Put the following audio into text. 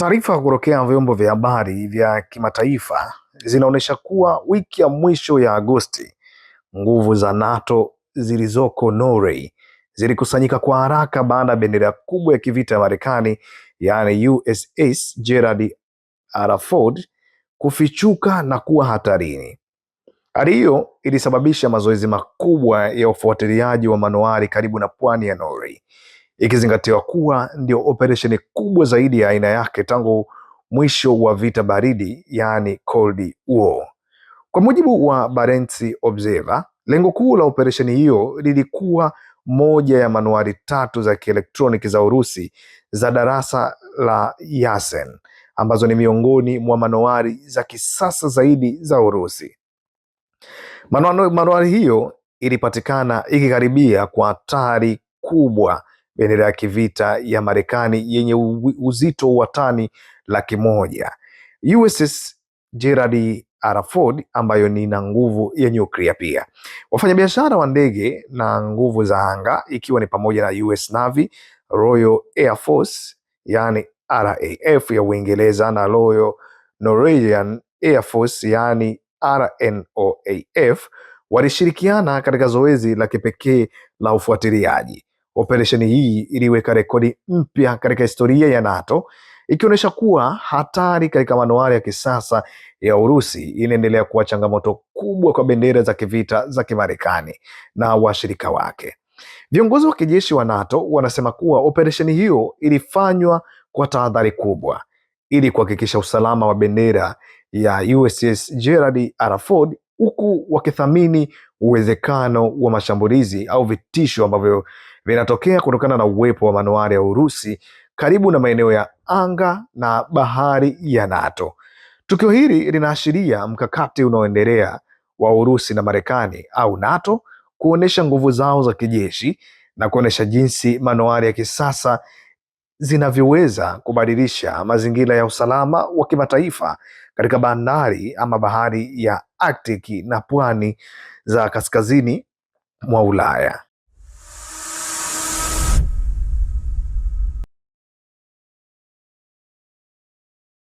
Taarifa kutokea vyombo vya habari vya kimataifa zinaonyesha kuwa wiki ya mwisho ya Agosti, nguvu za NATO zilizoko Norway zilikusanyika kwa haraka baada ya bendera kubwa ya kivita ya Marekani yaani USS Gerald R. Ford kufichuka na kuwa hatarini. Hali hiyo ilisababisha mazoezi makubwa ya ufuatiliaji wa manowari karibu na pwani ya Norway ikizingatiwa kuwa ndio operesheni kubwa zaidi ya aina yake tangu mwisho wa vita baridi, yaani Cold War. Kwa mujibu wa Barents Observer, lengo kuu la operesheni hiyo lilikuwa moja ya manuari tatu za kielektroniki za Urusi za darasa la Yasen ambazo ni miongoni mwa manuari za kisasa zaidi za Urusi. Manuari hiyo ilipatikana ikikaribia kwa hatari kubwa bendera ya kivita ya Marekani yenye uzito wa tani laki moja USS Gerald R. Ford ambayo ni na nguvu ya nyuklia pia. Wafanyabiashara wa ndege na nguvu za anga ikiwa ni pamoja na US Navy, Royal Air Force yani RAF ya Uingereza na Royal Norwegian Air Force yani RNOAF walishirikiana katika zoezi la kipekee la ufuatiliaji. Operesheni hii iliweka rekodi mpya katika historia ya NATO ikionyesha kuwa hatari katika manuari ya kisasa ya Urusi inaendelea kuwa changamoto kubwa kwa bendera za kivita za Kimarekani na washirika wake. Viongozi wa kijeshi wa NATO wanasema kuwa operesheni hiyo ilifanywa kwa tahadhari kubwa ili kuhakikisha usalama wa bendera ya USS Gerald R. Ford huku wakithamini uwezekano wa mashambulizi au vitisho ambavyo vinatokea kutokana na uwepo wa manuari ya Urusi karibu na maeneo ya anga na bahari ya NATO. Tukio hili linaashiria mkakati unaoendelea wa Urusi na Marekani au NATO kuonyesha nguvu zao za kijeshi na kuonyesha jinsi manuari ya kisasa zinavyoweza kubadilisha mazingira ya usalama wa kimataifa katika bandari ama bahari ya Arctic na pwani za kaskazini mwa Ulaya.